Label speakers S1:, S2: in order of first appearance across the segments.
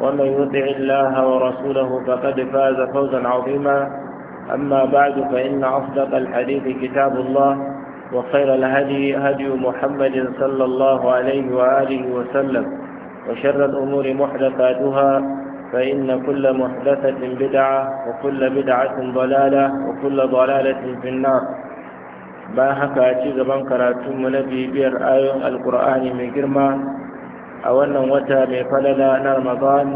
S1: ومن يطع الله ورسوله فقد فاز فوزا عظيما أما بعد فإن أصدق الحديث كتاب الله وخير الهدي هدي محمد صلى الله عليه وآله وسلم وشر الأمور محدثاتها فإن كل محدثة بدعة وكل بدعة ضلالة وكل ضلالة في النار ما هكا أتيز من كراتم نبي بير آية القرآن من جرمان a wannan wata mai falala na ramadan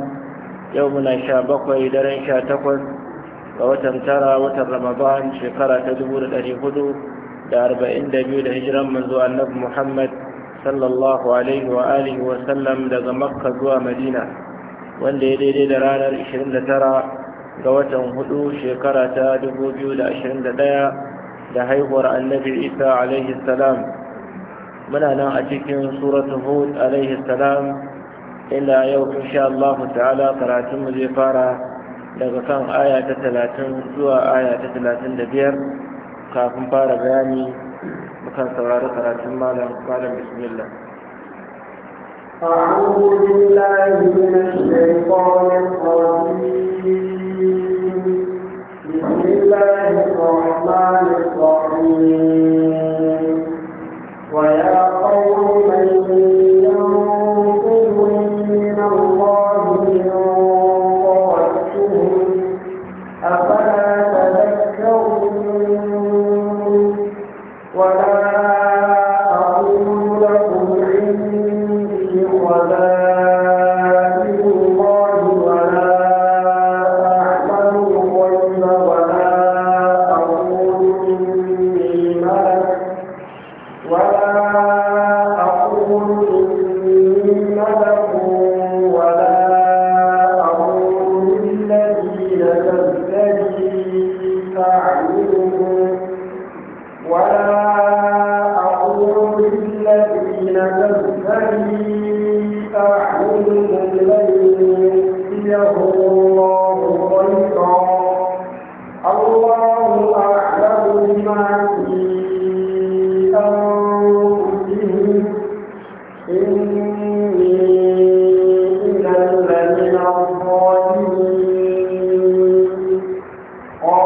S1: yau muna sha bakwai daren sha takwas ga watan tara watan ramadan shekara ta dubu da ɗari hudu da arba'in da biyu da hijiran manzo annabi muhammad sallallahu alaihi wa alihi wa sallam daga makka zuwa madina wanda ya daidai da ranar 29 ga watan hudu shekara ta 2021 da haihuwar annabi isa alaihi salam muna nan a cikin suratul hud alaihi salam illa yau insha Allah ta'ala karatun mu zai fara daga kan aya ta 30 zuwa aya ta 35 kafin fara bayani mukan saurari karatun malam malam bismillah
S2: أعوذ بالله من الشيطان الرجيم بسم الله الرحمن الرحيم ويا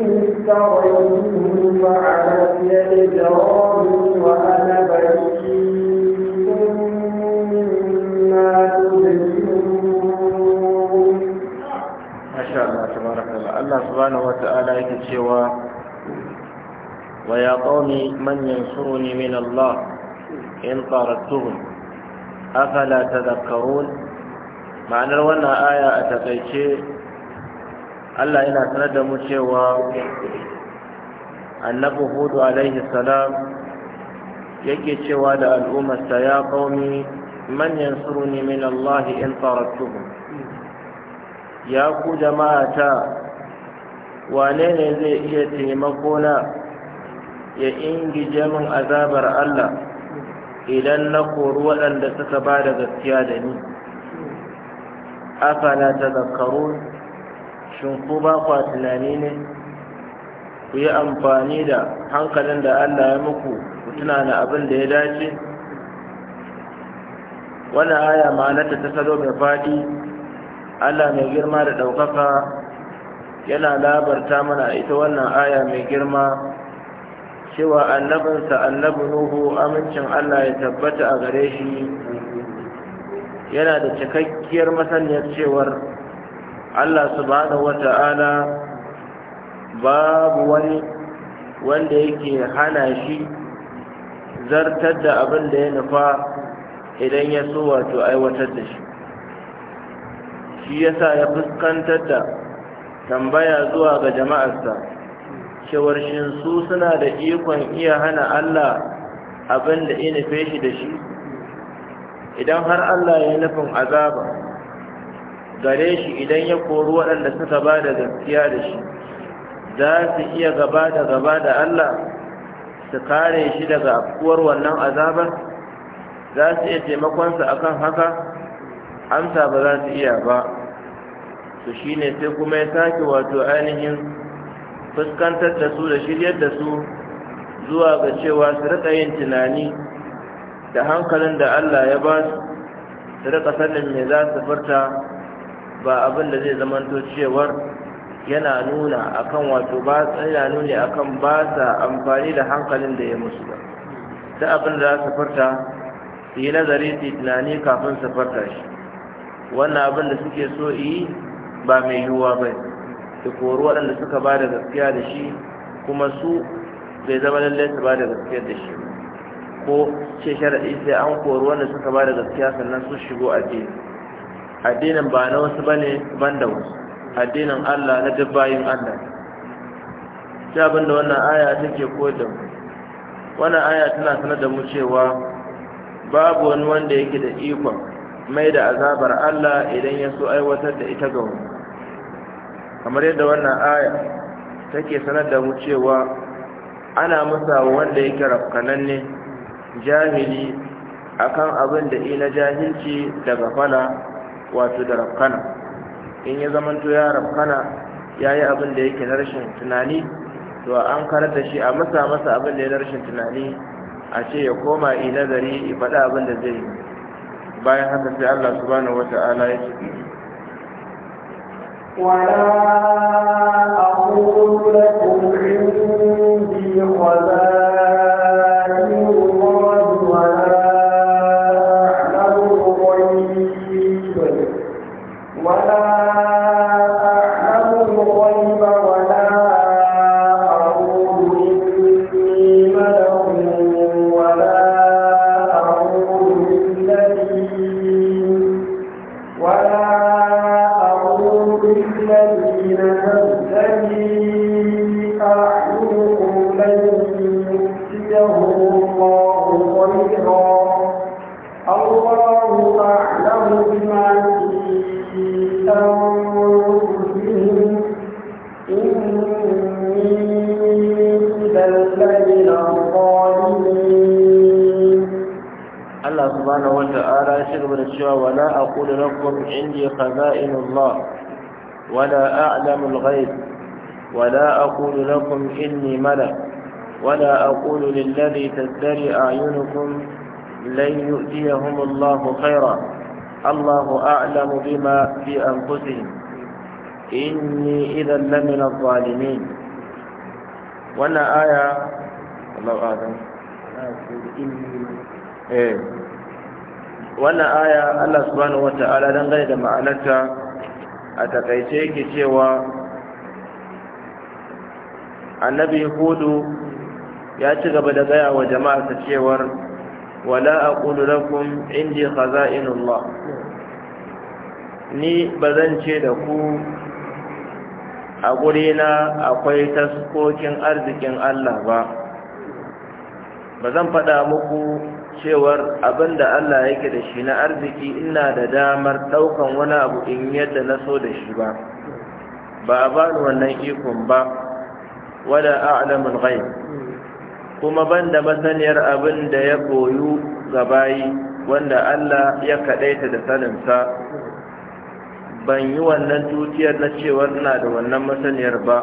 S2: استغيثه فعلي إجرامي وأنا بريء مما تجرمون
S1: ما شاء الله تبارك الله الله سبحانه وتعالى يكتشف ويا قوم من ينصرني من الله إن طردتهم أفلا تذكرون معنى وانا آية أتقيتشي Allah yana sanar da mu cewa annabi hudu alaihi salam yake cewa da al'ummarsa ya qaumi manyan yansuruni min Allah in taraktuhum ya ku jama'ata wane ne zai iya taimako na ya ingije min azabar Allah idan na kori waɗanda suka ba da gaskiya da ni afala zakaru. shin ku ba kwa tunani ne ku yi amfani da hankalin da Allah ya muku ku tuna abin da ya dace Wani aya ma'anarta ta salo mai faɗi Allah mai girma da ɗaukaka yana labarta mana ita wannan aya mai girma cewa annabinsa annabi Nuhu amincin Allah ya tabbata a gare shi yana da cikakkiyar masaniyar cewar Allah subhanahu wata'ala babu wani wanda yake hana shi zartar da abin da ya nufa idan ya so wato aiwatar da shi shi yasa ya fuskantar da tambaya zuwa ga jama'arsa cewar shin su suna da ikon iya hana Allah abin da ya nufe shi da shi idan har Allah ya nufin azaba gare shi idan ya kori waɗanda suka ba da gaskiya da shi za su iya gaba da gaba da Allah su kare shi daga afkuwar wannan azabar za su iya taimakonsa akan haka amsa ba za su iya ba su shi ne sai kuma ya sake wato ainihin fuskantar da su da shiryar da su zuwa ga cewa su rika yin tunani da hankalin da Allah ya ba su su rika sannan me za su furta ba abin da zai zamanto cewar yana nuna akan wato ba yana nuni akan ba sa amfani da hankalin da ya musu ba da abin da za su farta su yi nazari su yi tunani kafin su farta shi wannan abin da suke so yi ba mai yiwuwa ba su kori waɗanda suka ba da gaskiya da shi kuma su bai zama lallai su ba da gaskiya da shi ko ce sharaɗi sai an kori wanda suka ba da gaskiya sannan su shigo a jini addinin ba na wasu ba ne ban da wasu addinin Allah na duk bayin Allah shi abinda wannan aya take ko da mu wannan aya tana sanar da mu cewa babu wani wanda yake da ikon mai da azabar Allah idan ya so aiwatar da ita ga wani kamar yadda wannan aya take sanar da mu cewa ana musa wanda yake ne jahili akan abin da ina jahilci daga fala wato da rafkana in ya zamanto ya rafkana ya yi abin da yake na rashin tunani to an karar da shi a masa masa abin da ya na rashin tunani a ce ya koma yi nazari ya faɗa abin da zai yi bayan haka sai Allah subhanahu ta'ala ya ce
S2: ولا أقول لكم
S1: saboda cewa wala a ƙudurakun inda ya kaza inu Allah wala a alamun ghaib wala a ƙudurakun inni mala wala a ƙudurin lalai ta tsari a yunukun lai yi ya hun Allah ku kaira Allah a alamu bi inni idan lamina zalimi wannan aya Allah wannan aya Allah subhanahu wata'ala dangane da ma'anarta a takaice yake cewa annabi hudu ya ci gaba da gaya wa ta cewar wala aqulu lakum indi khaza'inullah ni bazan ce da ku a na akwai taskokin arzikin Allah ba ba zan faɗa muku cewar abin da Allah yake da shi na arziki ina da damar ɗaukan wani abu in yadda na so da shi ba ba a ba wannan ikon ba wada a'lamul ghaib kuma banda masaniyar abin da ya koyu gabayi wanda Allah ya kaɗaita da saninsa ban yi wannan tutiyar na cewar na da wannan masaniyar ba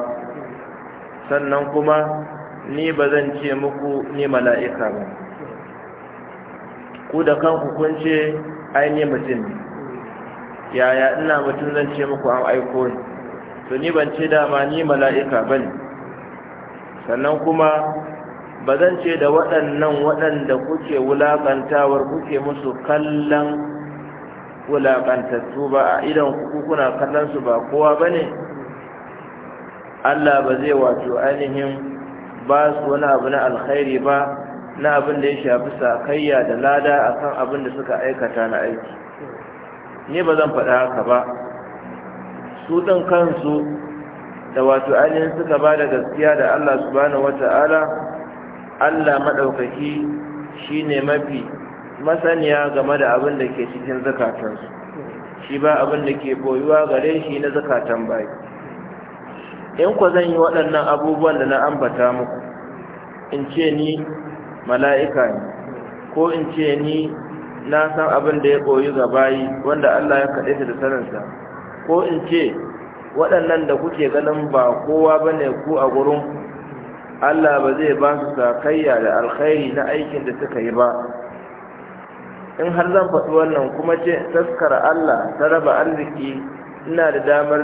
S1: sannan kuma ni ba zan ce muku ni mala'ika ba ku da kanku kun ce ainihin mutum ne yaya ina mutum zan ce muku an aiko ni to ni ban ce dama ni mala'ika ba ne sannan kuma ba zan ce da waɗannan waɗanda kuke wulaƙantawar kuke musu kallon wulaƙantattu ba a idan kuku kuna kallon su ba kowa ba ne allah ba zai wato ainihin ba su wani abu na alkhairi ba na abin da ya shafi sakayya da lada akan abin da suka aikata na aiki ne ba zan faɗa haka ba su ɗin kansu da wato ainihin suka ba da gaskiya da Allah subhanahu wata'ala Allah maɗaukaki shi ne mafi masaniya game da abin da ke cikin zakatansu shi ba abin da ke boyuwa gare shi na zakatan bai in ku zan yi waɗannan abubuwan da na ambata muku in ce ni mala'ika ne ko in ce ni na san abin da ya koyi ga bayi wanda Allah ya kaɗe ta da sanarsa ko in ce waɗannan da kuke ganin ba kowa ba ne ku a gurin Allah ba zai ba su sakayya da alkhairi na aikin da suka yi ba in har zan faɗi wannan kuma ce taskara Allah ta raba arziki ina da damar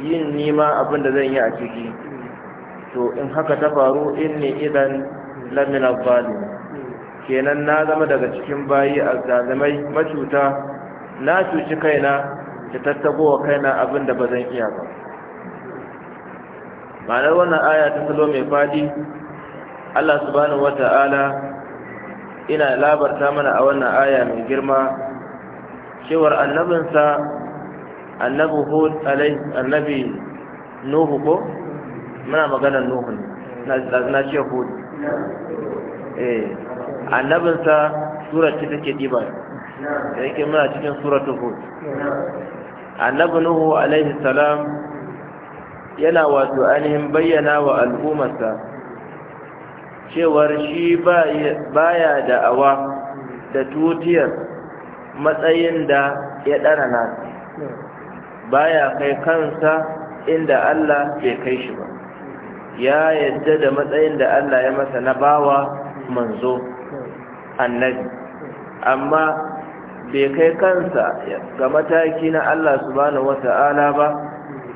S1: yin nima abin da zan yi a ciki to in haka ta faru in ne idan lamin abbalin kenan na zama daga cikin bayi a zalimai macuta na cuci kaina da tattagowa kaina abin da ba zan iya ba ma'anar wannan aya ta salo mai fadi allah subhanahu wata'ala ina labarta mana a wannan aya mai girma cewar annabinsa annabi hud alai annabi nuhu ko muna maganar nuhu na ce hud eh sa sura ce take diba da yake muna cikin suratul hud annabi nuhu alaihi salam yana wato ainihin bayyana wa al'ummarsa cewar shi baya da'awa da tutiyar matsayin da ya ɗara baya kai kansa inda Allah bai kai shi ba ya yadda da matsayin da Allah ya masa na bawa manzo annabi amma bai kai kansa ga mataki na Allah subhanahu wata'ala ba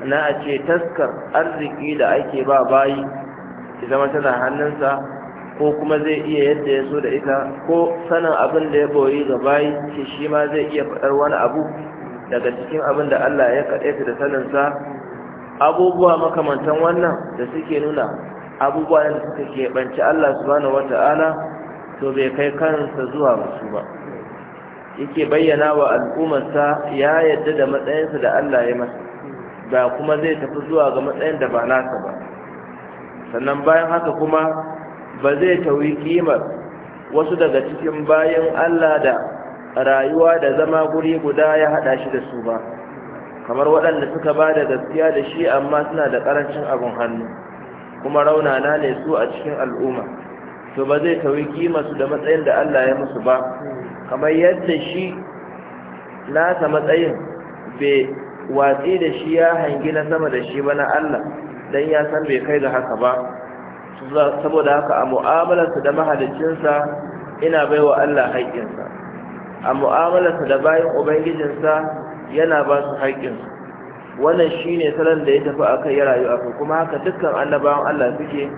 S1: na a ce taskar arziki da ake ba bayi zama tana hannunsa ko kuma zai iya yadda ya so da ita ko sanin abin da ya boyi ga bayi ce shi ma zai iya faɗar wani abu daga cikin abin da Allah ya kaɗe da saninsa abubuwa makamantan wannan da suke nuna abubuwa da suka keɓanci Allah subhanahu wata'ala to bai kai kansa zuwa musu ba yake bayyana wa al'ummarsa ya yadda da matsayinsa da Allah ya masa ba kuma zai tafi zuwa ga matsayin da ba nasa ba sannan bayan haka kuma ba zai tawi kimar wasu daga cikin bayan Allah da rayuwa da zama guri guda ya haɗa shi da su ba kamar waɗanda suka ba da gaskiya da shi amma suna da ƙarancin abin hannu kuma raunana ne su a cikin al'umma to ba zai kawai kimarsu da matsayin da Allah ya musu ba kamar yadda shi nasa matsayin bai watsi da shi ya hangi na sama da shi ba na Allah don ya san bai kai ga haka ba saboda haka a mu'amalarsa da mahalicinsa ina baiwa Allah haƙƙinsa a mu'amalarsa da bayan ubangijinsa yana ba su haƙƙinsu wannan shi ne salon da ya tafi a kai ya rayu a kai kuma haka dukkan annabawan Allah suke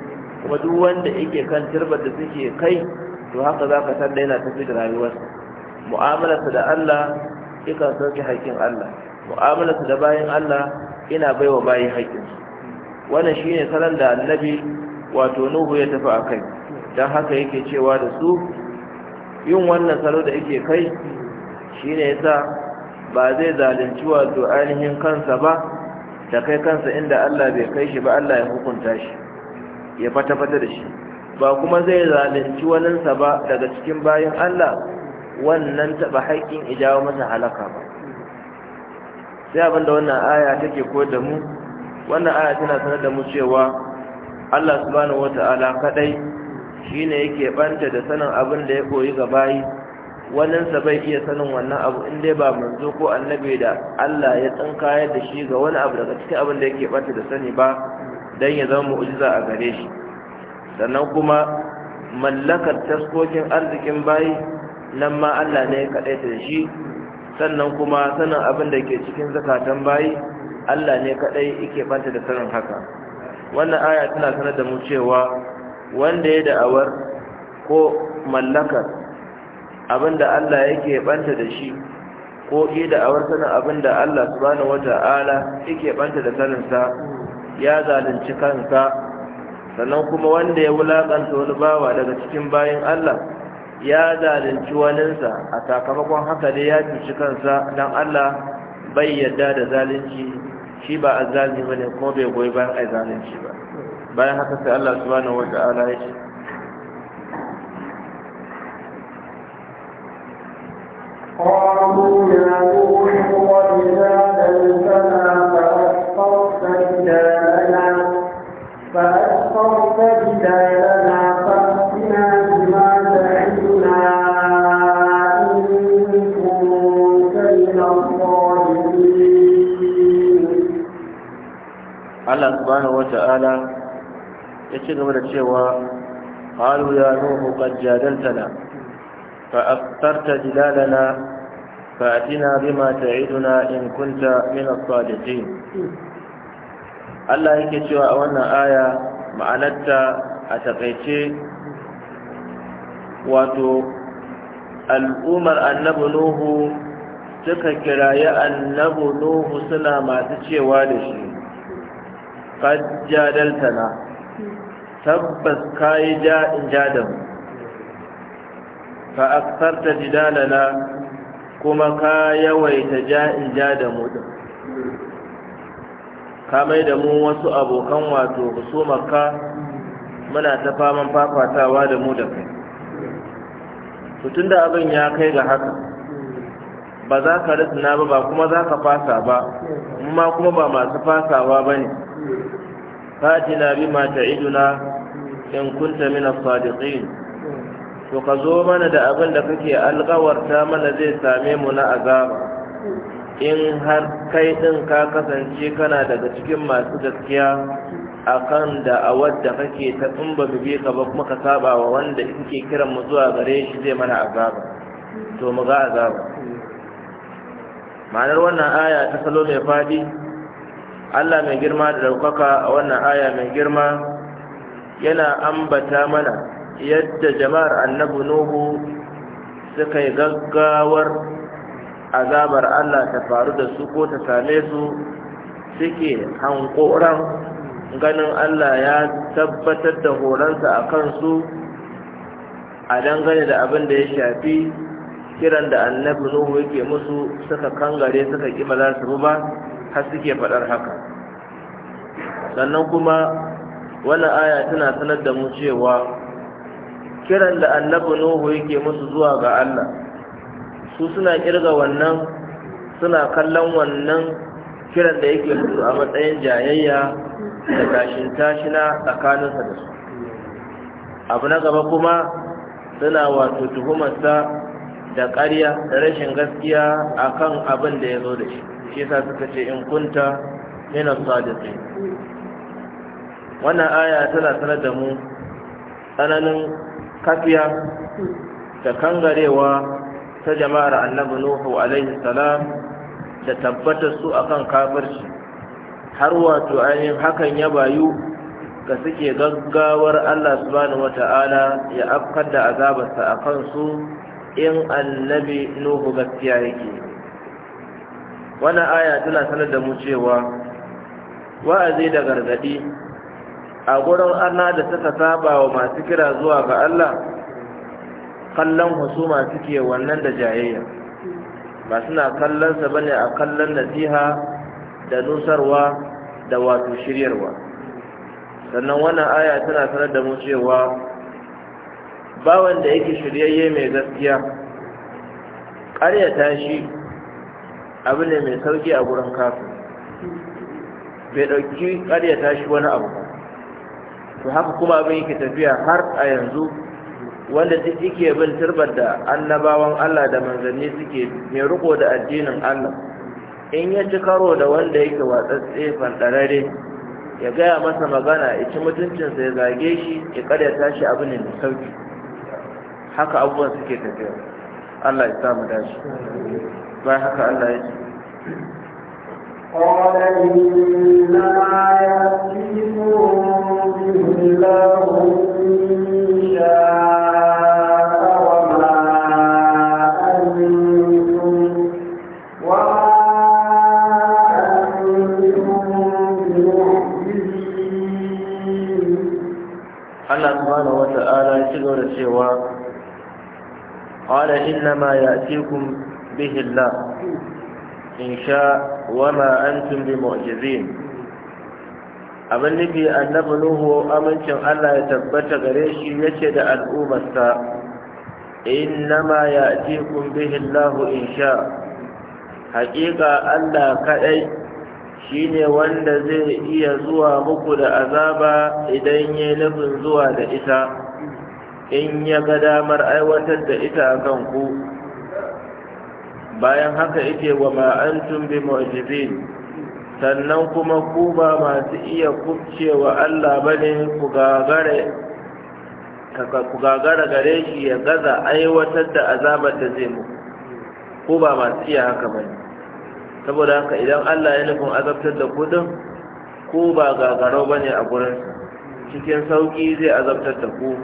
S1: kuma duk wanda yake kan turbar da suke kai to haka za ka san da yana tafi da rayuwarsa mu'amalarsa da Allah yakan sauke haƙƙin Allah mu'amalarsa da bayan Allah ina bai wa bayi haƙƙinsu wannan shi ne salon da annabi wato Nuhu ya tafi a kai don haka yake cewa da su yin wannan salo da yake kai shi ne ya sa. ba zai zalunci wato ainihin kansa ba da kai kansa inda Allah bai kai shi ba Allah ya hukunta shi ya fata-fata da shi ba kuma zai zalunci waninsa ba daga cikin bayan Allah wannan taɓa haƙƙin ijawo masa halaka ba sai abinda wannan aya take ko da mu wannan aya tana sanar da mu cewa Allah subhanahu wata'ala kadai shine yake ɓanta da sanin abin da ya koyi ga bayi waninsa bai iya sanin wannan abu in dai ba manzo ko annabi da Allah ya tsinkaya da shi ga wani abu daga cikin abin da yake bata da sani ba dan ya zama mu'jiza a gare shi sannan kuma mallakar taskokin arzikin bayi nan ma Allah ne ya kaɗaita da shi sannan kuma sanin abin da ke cikin zakatan bayi Allah ne kaɗai yake bata da sanin haka wannan aya tana sanar da mu cewa wanda ya da'awar ko mallakar abinda Allah yake banta da shi ko da a wasanin abinda Allah subhanahu wata'ala yake banta da saninsa ya zalunci kansa sannan kuma wanda ya wulakanta wani bawa daga cikin bayin Allah ya zalunci waninsa a sakamakon haka dai ya cuci kansa don Allah bai yarda da zalunci shi ba a zalunci ne, kuma bai goyi bayan a zalunci ba bayan haka sai Allah subhanahu wata'ala ya ce ta'ala ya ci da cewa Halu ya nuhu qad jadaltana fa aftarta dilalana fa atina ta ta'iduna in kunta min as Allah yake cewa a wannan aya ma'anarta a taƙaice, wato al'ummar Annabu nuhu suka kirayi Annabu nuhu suna masu cewa da shi qad jadaltana tabbas kai ja in jadam fa aktarta jidalana kuma ka yawaita ja in ka da mu wasu abokan wato maka? muna ta faman fafatawa da mu da kai tun da abin ya kai ga haka ba za ka risina ba ba kuma za ka fasa ba amma kuma ba masu fasawa ba ne fatina bima ta'iduna in kunta min as-sadiqin to ka zo mana da abin da kake alƙawarta mana zai same mu na azaba in har kai din ka kasance kana daga cikin masu gaskiya akan da a wadda kake ta tsumba mu bi ka ba kuma ka saba wa wanda kake kiran mu zuwa gare shi zai mana azaba to mu ga azaba ma'anar wannan aya ta salo mai fadi Allah mai girma da daukaka a wannan aya mai girma yana ambata mana yadda jama'ar annabi nuhu suka yi gaggawar azabar Allah ta faru da su ko ta same su suke hankoran ganin Allah ya tabbatar da horonsa a kansu a dangane da abin da ya shafi kiran da annabi nuhu yake musu suka kangare suka kima za su ba har suke faɗar haka sannan kuma wannan aya tana sanar da mu cewa kiran da annabi nuhu yake musu zuwa ga Allah su suna kirga wannan suna kallon wannan kiran da yake musu a matsayin jayayya da tashin tashina tsakaninsa da su abu na gaba kuma suna wato tuhumarsa da ƙarya da rashin gaskiya akan abin da ya zo da shi shi yasa suka ce in kunta min as-sadiqin wannan aya tana sanar da mu tsananin kafiya da kangarewa ta jama'ar annabi nuhu alaihi salam da tabbatar su akan kafirci har wato ainihin hakan ya bayu ga suke gaggawar Allah subhanahu wata'ala ya afkar da azabarsa a kansu in annabi nuhu gaskiya yake wannan aya tana sanar da mu cewa wa'azi da gargadi a gurin ana da suka saba wa masu kira zuwa ga Allah kallon husuma suke wannan da jayayya ba suna kallonsa ba ne a kallon nasiha da nusarwa da wato shiryarwa sannan wannan aya tana sanar da mu cewa bawan da yake shiryayye mai gaskiya ƙaryata shi abu ne mai sauki a gurin kafin bai ɗauki ya tashi wani abu to haka kuma abin yake tafiya har a yanzu wanda duk yake bin turbar da annabawan Allah da manzanni suke mai riko da addinin Allah in ya ci karo da wanda yake watsatse ɗarare ya gaya masa magana ya ci mutuncinsa ya zage shi ya ya tashi abu ne mai sauki haka abubuwan suke tafiya Allah ya samu dashi ba haka Allah ya
S2: ce قال إنما يأتيكم به الله إن شاء وما أنتم وما أنتم بمعجزين
S1: الله سبحانه وتعالى يقول السوى قال إنما يأتيكم به الله إن شاء وما أنتم بمعجزين abin nufi annabi nuhu amincin Allah ya tabbata gare shi yace da al'ummarsa innama ya'tikum Lahu in insha haƙiƙa Allah shi shine wanda zai iya zuwa muku da azaba idan ya nufin zuwa da ita in ya ga damar aiwatar da ita a kanku bayan haka yake wa ma antum bi mu'jizin sannan kuma ku ba masu iya kubcewa Allah bane ku gagare ku gagara gare shi ya gaza aiwatar da azabar da zai muku ku ba masu iya haka bane saboda haka idan Allah ya nufin azabtar da kudin ku ba gagarau bane a gurinsa cikin sauki zai azabtar da ku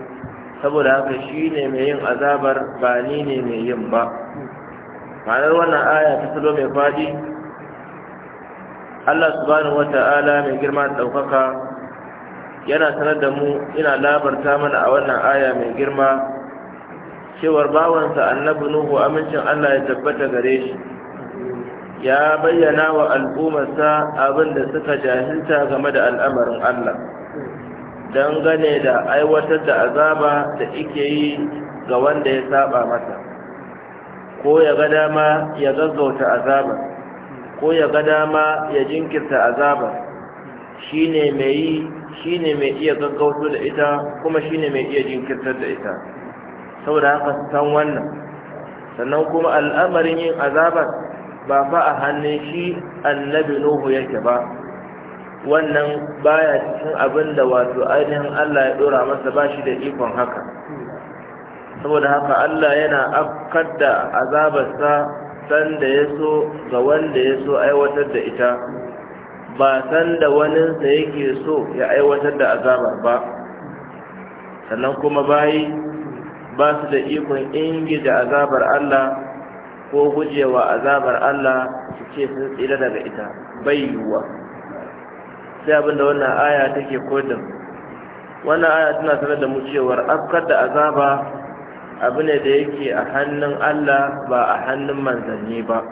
S1: saboda haka shine mai yin azabar ba ni ne mai yin ba ma'anar wannan aya ta salo mai fadi Allah subhanahu wata'ala mai girma da ɗaukaka yana sanar da mu ina labarta mana a wannan aya mai girma cewar bawansa annabi Nuhu amincin Allah ya tabbata gare shi ya bayyana wa al'ummarsa abin da suka jahilta game da al'amarin Allah dangane da aiwatar da azaba da ike yi ga wanda ya saba masa ko ya ga dama ya zazzauta azaba ko ya ga dama ya jinkirta azaba shine mai yi shine mai iya gaggauto da ita kuma shine mai iya jinkirtar da ita saboda haka san wannan sannan kuma al'amarin yin azabar ba fa a hannun shi annabi nuhu yake ba wannan baya cikin abinda wato ainihin Allah ya dora masa ba shi da ikon haka saboda haka Allah yana afkar da azabarsa sanda ya so ga wanda ya so aiwatar da ita ba sanda waninsa yake so ya aiwatar da azabar ba sannan kuma bayi ba su da ikon ingida azabar Allah ko gujewa azabar Allah su ce sun tsira daga ita bai yiwuwa sai abinda wannan aya take kodin wannan aya tana sanar da mu cewar afkar da azaba abu ne da yake a hannun Allah ba a hannun manzanni ba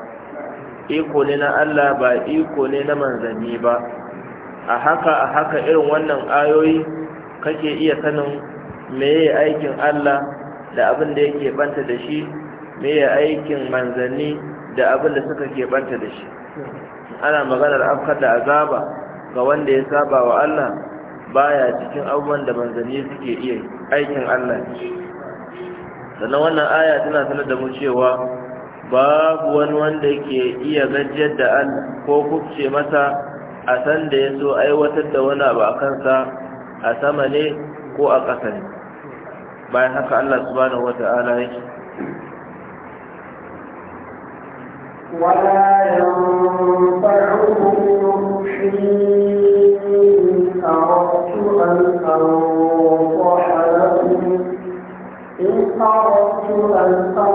S1: iko ne na Allah ba iko ne na manzanni ba a haka a haka irin wannan ayoyi kake iya sanin meye aikin Allah da abin da yake banta da shi meye aikin manzanni da abin da suka ke banta da shi ana maganar afkar da azaba ga wanda ya saba wa Allah baya cikin abubuwan da manzanni suke iya aikin Allah
S3: sannan wannan aya tana sanar da mu cewa babu wani wanda ke iya gajiyar da an ko kubce masa
S1: a san da ya so aiwatar da wani abu a kansa a sama ne ko a ƙasa ne bayan haka Allah subhanahu wata'ala yake
S2: ولا ينفعهم نصحي أردت أن أنظر الله سبحانه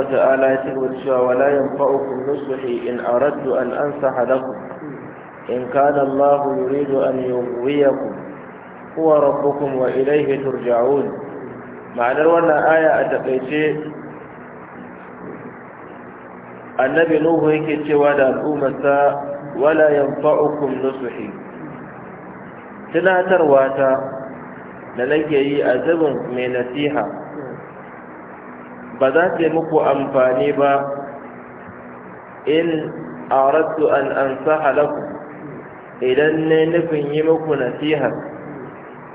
S1: وتعالى يقول ولا ينفعكم نصحي إن أردت أن أنصح لكم إن كان الله يريد أن يغويكم هو ربكم وإليه ترجعون ma'anar wannan aya a takaice annabi nuhu yake cewa da al'ummarsa wala yanfa'ukum nusuhi tunatarwa ta da nake yi a zubin mai nasiha ba za ta yi muku amfani ba in arattu an ansaha lakum idan ne nufin yi muku nasiha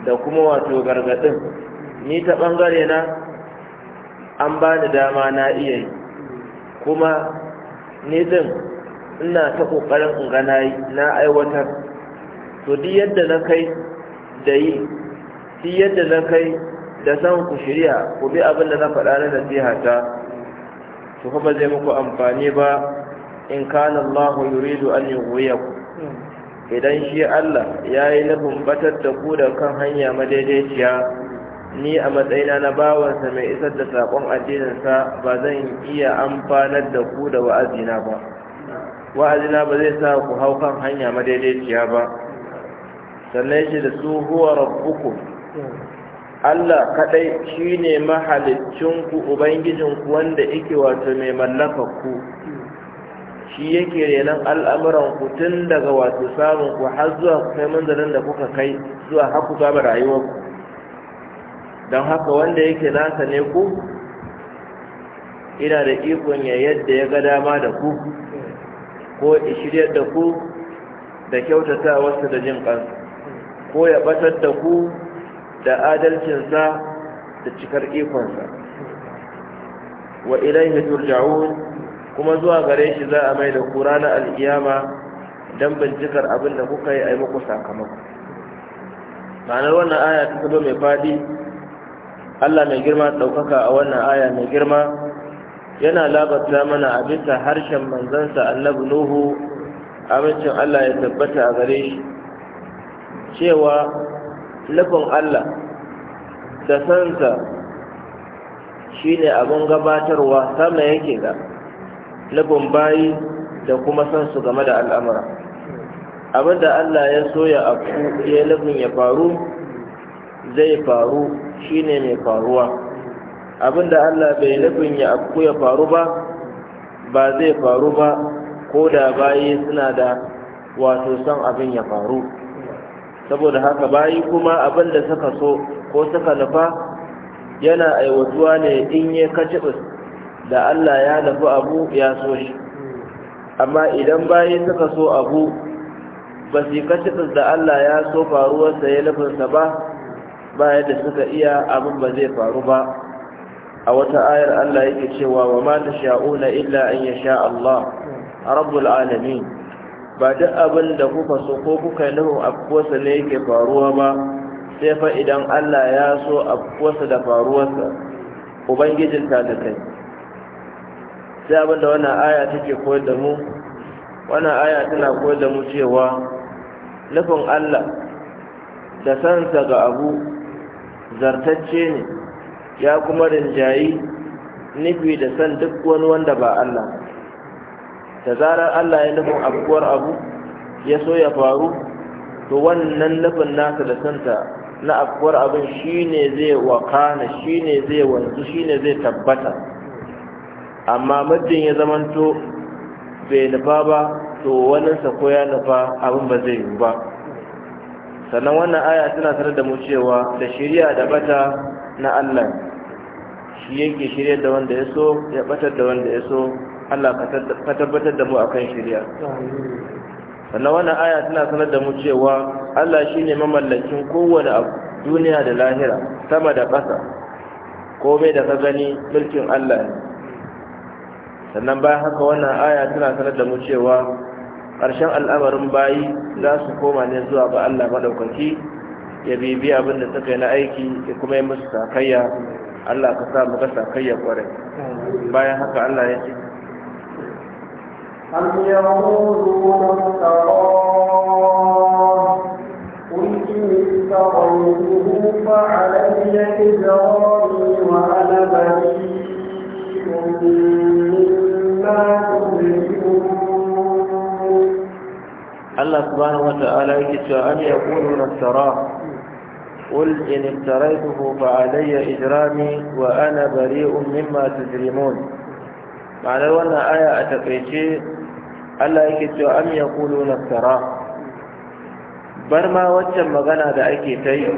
S1: da kuma wato gargadin ni ta ɓangare na an ba ni dama na iya yi kuma ni din ina ta ƙoƙarin in ga na aiwatar to duk yadda na kai da yi di yadda na kai da san ku shirya ku bi abin da na faɗa na nasiha ta to kuma zai muku amfani ba in kana Allah yuridu an ku idan shi Allah yayi nufin batar da ku da kan hanya madaidaiciya ni a matsayina na bawansa mai isar da saƙon addininsa ba zan iya amfanar da ku da wa'azina ba wa'azina ba zai sa ku hau kan hanya madaidaiciya ba sannan shi da tsohuwar huwa rabbuku Allah kadai shine ubangijin ubangijinku wanda yake wato mai mallaka ku shi yake renon al'amuran ku tun daga wato samun ku har zuwa kai manzalin da kuka kai zuwa haku gaba rayuwarku don haka wanda yake nasa ne ku ina da ikon ya yadda ya ga dama da ku ko ishiriyar da ku da kyautata wasu da jin kansu ko ya ɓatar da ku da adalcinsa da cikar ikonsa wa ilaihi turja'un kuma zuwa gare shi za a mai da ku ranar al'iyama don bincikar abin da kuka yi a yi muku sakamako ma'anar wannan aya ta zama mai faɗi Allah mai girma ɗaukaka a wannan aya mai girma yana labarta mana a bisa harshen manzansa Allah Nuhu amincin Allah ya tabbata a gare shi cewa nufin Allah da sansa shi ne abin gabatarwa sama yake ga. nufin bayi da kuma sansu game da al'amura abinda Allah ya soya abu ya nufin ya faru zai faru shine mai faruwa abinda Allah bai nufin ya afku ya faru ba ba zai faru ba ko da bayi suna da wato son abin ya faru saboda haka bayi kuma abin da suka so ko suka nufa yana aiwatuwa ne in ya kacibis da Allah ya nufi abu ya so shi amma idan bayi suka so abu ba su kacibis da Allah ya so faruwarsa ya nufinsa ba ba yadda suka iya abin ba zai faru ba a wata ayar Allah yake cewa wa ma ta sha'una illa an sha Allah rabbul alamin ba duk abin da kuka so ko kuka nuhu afkuwarsa ne yake faruwa ba sai fa idan Allah ya so afkuwarsa da faruwarsa ubangijin ta da kai sai abin da wannan aya take koyar da mu wannan aya tana koyar da mu cewa nufin Allah da sansa ga abu zartacce ne ya kuma rinjayi nufi da san duk wani wanda ba Allah da zarar Allah ya nufin abuwar abu ya so ya faru to wannan nufin nasa da santa na afkuwar abin ne zai wakana ne zai wanzu shi ne zai tabbata amma muddin ya zamanto bai nufa ba to waninsa ko ya nufa abin ba zai yi ba sannan wannan aya tana sanar da mu cewa da shirya da bata na Allah shi yake shirya da wanda ya so ya batar da wanda ya so Allah ka tabbatar da mu akan shirya. sannan wannan aya tana sanar da mu cewa Allah ne mamallakin kowane abu duniya da lahira sama da ƙasa komai da ka gani mulkin Allah ne sannan bayan haka wannan aya tana sanar da mu cewa ƙarshen al'amarin bayi za su koma ne zuwa ba Allah maɗaukaki ya bibi abin da suka yi na aiki ya kuma yi musu sakayya Allah ka sa mu sakayya ƙwarai bayan haka Allah ya ce
S2: أم يقولون
S1: Allah subhanahu wata'ala yake cewa an yaqulu nasara qul in iftaraytuhu fa alayya ijrami wa ana bari'un mimma tujrimun ma'anar wannan aya a takaice Allah yake cewa an yaqulu nasara bar ma waccan magana da ake ta yi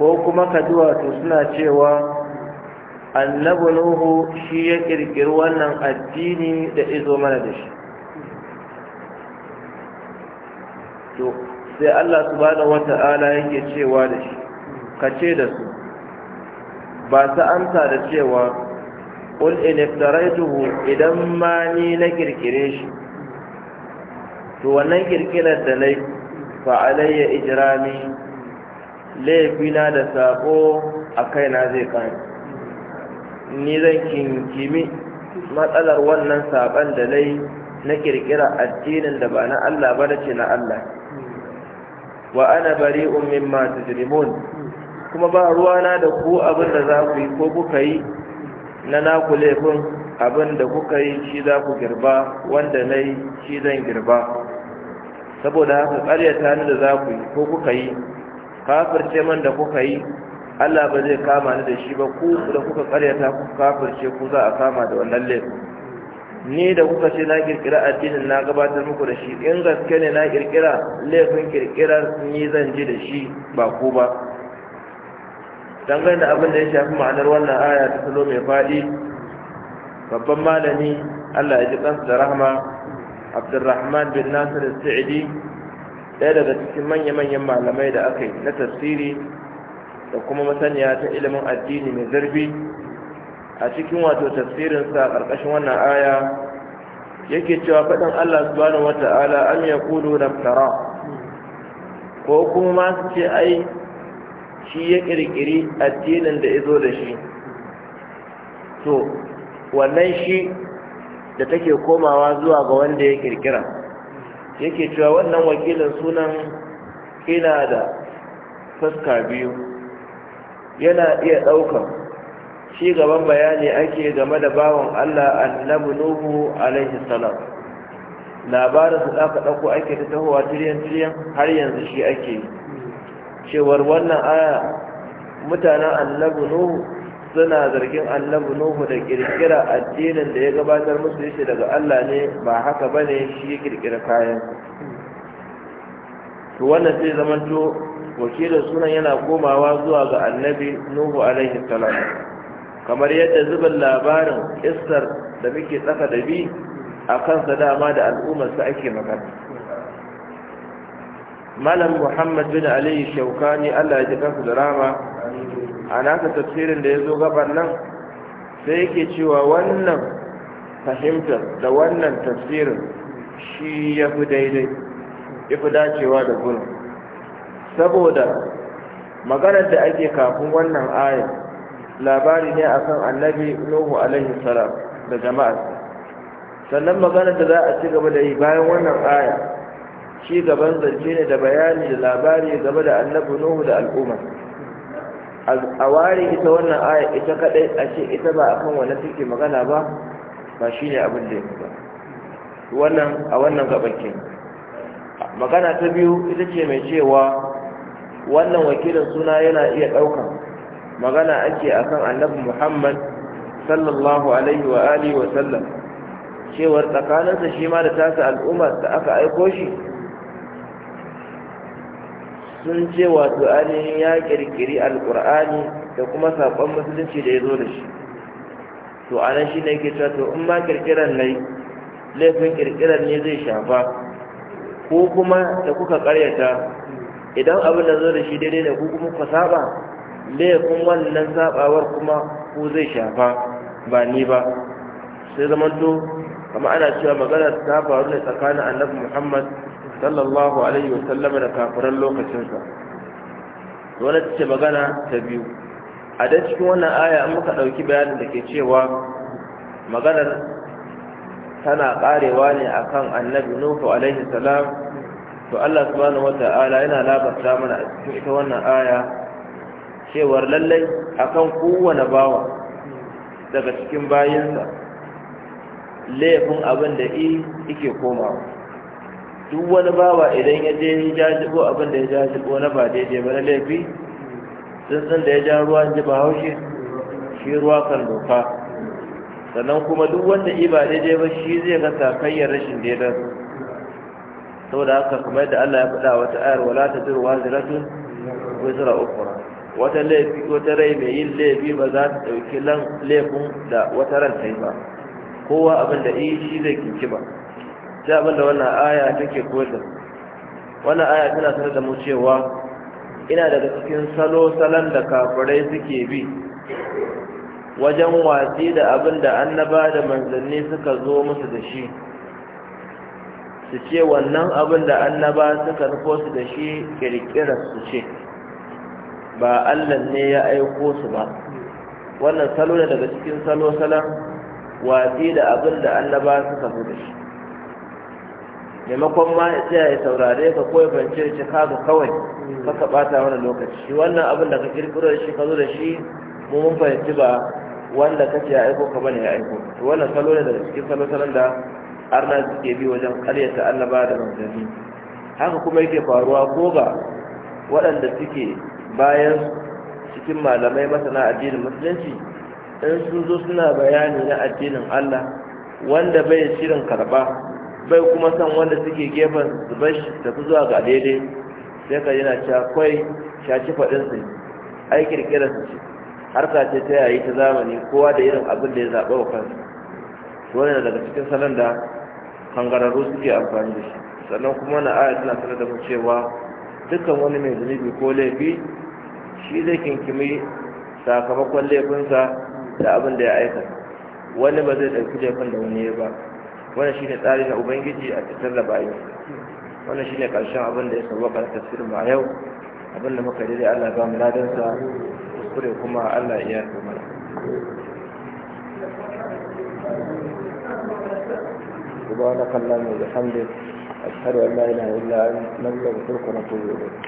S1: ko kuma kaduwa to suna cewa annabi nuhu shi ya kirkiri wannan addini da izo mana da shi to sai Allah subhanahu wata'ala yake cewa da shi ka ce da su ba ta amsa da cewa qul in iftaraituhu idan ma ni na kirkire shi to wannan kirkirar da nayi fa alayya ijrami laifina da sako a kaina zai kai ni zan kinkimi matsalar wannan saban da nayi na kirkira addinin da ba na Allah ba da ce na Allah wa ana bari'un mimma tujrimun kuma ba ruwana da ku abin da za ku yi ko kuka yi na naku laifin abin da kuka yi shi za ku girba wanda na yi shi zan girba saboda haka karyata ni da za ku yi ko kuka yi kafirce man da kuka yi Allah ba zai kama ni da shi ba ku da kuka karyata ku kafirce ku za a kama da wannan laifin ni da kuka ce na kirkira addinin na gabatar muku da shi in gaske ne na kirkira laifin kirkirar ni zan ji da shi ba ku ba dangane da abin da ya shafi ma'anar wannan aya ta salo mai faɗi babban malami allah ya ji kansu da rahama abdulrahman bin nasir sa'idi ɗaya daga cikin manya-manyan malamai da aka yi na tafsiri da kuma masaniya ta ilimin addini mai zarbi a cikin wato tafsirinsa a ƙarƙashin wannan aya yake cewa faɗin Allah subhanahu wata'ala kulu yaqulu naftara ko kuma ma su ce ai shi ya ƙirƙiri addinin da izo da shi to wannan shi da take komawa zuwa ga wanda ya ƙirƙira yake cewa wannan wakilin sunan ina da fuska biyu yana iya ɗaukar ci gaban bayani ake game da bawan Allah annabi Nuhu alaihi salam labarin su aka dauko ake ta tahowa tiriyan tiriyan har yanzu shi ake cewar wannan aya mutanen annabi Nuhu suna zargin annabi Nuhu da kirkira addinin da ya gabatar musu daga Allah ne ba haka bane shi kirkira kayan to wannan sai zamanto wakilin sunan yana komawa zuwa ga annabi Nuhu alaihi salam kamar yadda zubin labarin istar da muke tsaka da bi a kansa dama da al'ummarsa ake magana malam muhammad bin aliyu ne allah ya ji kansu da rama a nasa tafsirin da ya zo gabar nan sai yake cewa wannan fahimtar da wannan tafsirin shi ya fi daidai ya fi dacewa da gurin saboda maganar da ake kafin wannan ayar labari ne akan annabi nuhu alaihi salam da jama'a sannan magana da za a ci gaba da yi bayan wannan aya ci gaban zance ne da bayani da labari game da annabi nuhu da al'umma a ware ita wannan aya ita kadai a ce ita ba akan wani take magana ba ba shine abin da ya ba wannan a wannan gabakin magana ta biyu ita ce mai cewa wannan wakilin suna yana iya ɗaukan magana ake akan annabi muhammad sallallahu alaihi wa alihi wa sallam cewar tsakaninsa shi ma da tasa al'ummar da aka aiko shi sun ce wato ainihin ya kirkiri alkur'ani da kuma saƙon musulunci da ya zo da shi to a nan shi ne ke cewa to in ma kirkirar ne laifin kirkiran ne zai shafa ko kuma da kuka karyata idan abin da zo da shi daidai da ku kuma ku saba kuma wannan zabawar kuma ko zai shafa ba ni ba sai zamanto kama ana cewa magana ta faru ne tsakanin annabi muhammad sallallahu alaihi wa sallam da kafiran lokacinsa wani ce magana ta biyu a da cikin wannan aya an muka ɗauki bayanin da ke cewa maganar tana ƙarewa ne akan annabi nuhu alaihi salam to allah subhanahu wa ta'ala yana labarta mana a cikin ita wannan aya cewar lallai akan kowane bawa daga cikin bayinsa laifin abin da i ike komawa duk wani bawa idan ya je ya jajibo abin da ya jajibo na ba daidai ba na laifi tsuntsun da ya ja ruwa ji ba haushe shi ruwa kan doka sannan kuma duk wanda i ba daidai ba shi zai ga sakayyar rashin daidai saboda haka kamar yadda Allah ya faɗa wata ayar wala ta zirwa ziratun wizra ukura wata laifi wata rai mai yin laifi ba za ta ɗauki laifin da wata ran ta yi ba kowa abin da yi shi zai kinki ba sai abin da wannan aya take koyar da wannan aya tana sanar da mu cewa ina daga cikin salo salon da kafirai suke bi wajen watsi da abin da annaba da manzanni suka zo musu da shi su ce wannan abin da annaba suka nufo su da shi kirkirar su ce ba Allah ne ya aiko su ba wannan salo ne daga cikin salo salon watsi da abin da Allah ba su zo da shi maimakon ma sai ya saurare ka ko ya fahimci da ga kawai ka bata wani lokaci wannan abin da ka kirkiro da shi ka zo da shi mu mun fahimci ba wanda ce ya aiko ka bane ya aiko to wannan salo ne daga cikin salo salon da arna suke bi wajen karyata ba da manzanni haka kuma yake faruwa ko ga waɗanda suke bayan cikin malamai masana addinin musulunci in sun zo suna bayani na addinin Allah wanda bai shirin karba bai kuma san wanda suke gefen su bashi tafi zuwa ga daidai sai ka yana cewa kwai shaci faɗin su ai kirkirar su ce harka ce ta yayi ta zamani kowa da irin abin da ya zaɓa wa kansa wannan daga cikin salon da kangararru suke amfani da shi sannan kuma na aya tana sanar da mu cewa dukkan wani mai zunubi ko laifi shi zai kinkimi sakamakon laifinsa da abin da ya aikata wani ba zai ɗauki laifin da wani ya ba wani shi ne tsari na ubangiji a cikin da bayan wannan shi ne ƙarshen abin da ya sauwaka da tafsir a yau abin da muka daidai allah ba mu ladansa kuskure kuma allah iya yi mana سبحانك اللهم وبحمدك أشهد أن لا إله إلا أنت نستغفرك
S3: ونتوب إليك